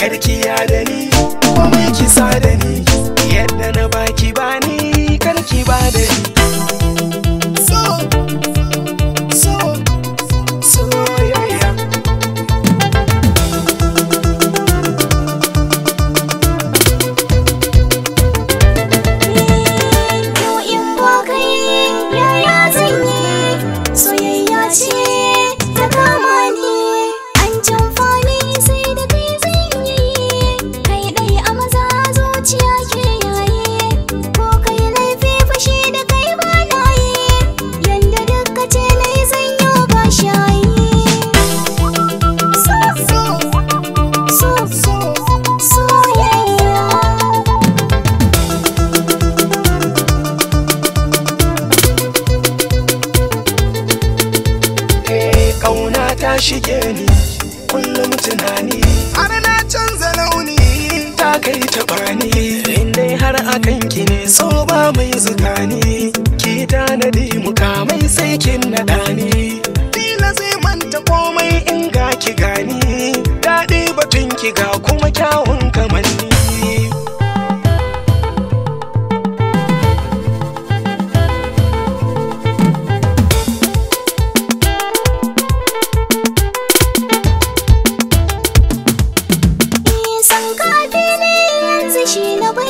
karki ya dani ni komai kisa da ta shige ni kullum tunani har na canza launi ta kai ta bani dai har akan ki ne so ba mai zukani ki tanadi mukamai sai kin naɗa ni dila zai manta komai in ga ki gani daɗi batun ki ga kuma kyawun kamanni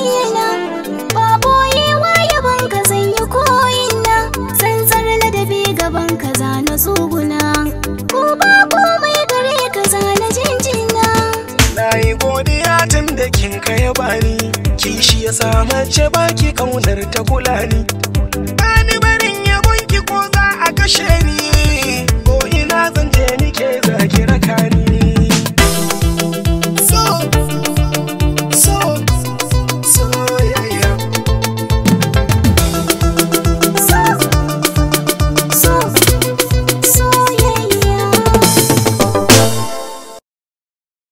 bayyana ba boyewa yaban ka zan yi ko'ina tsantsar ladabi gaban ka za na tsuguna ko ba komai gare ka za na jinjina na yi godiya tun da kin ka yaba ni kishi ya sa mace baki kaunar ta kula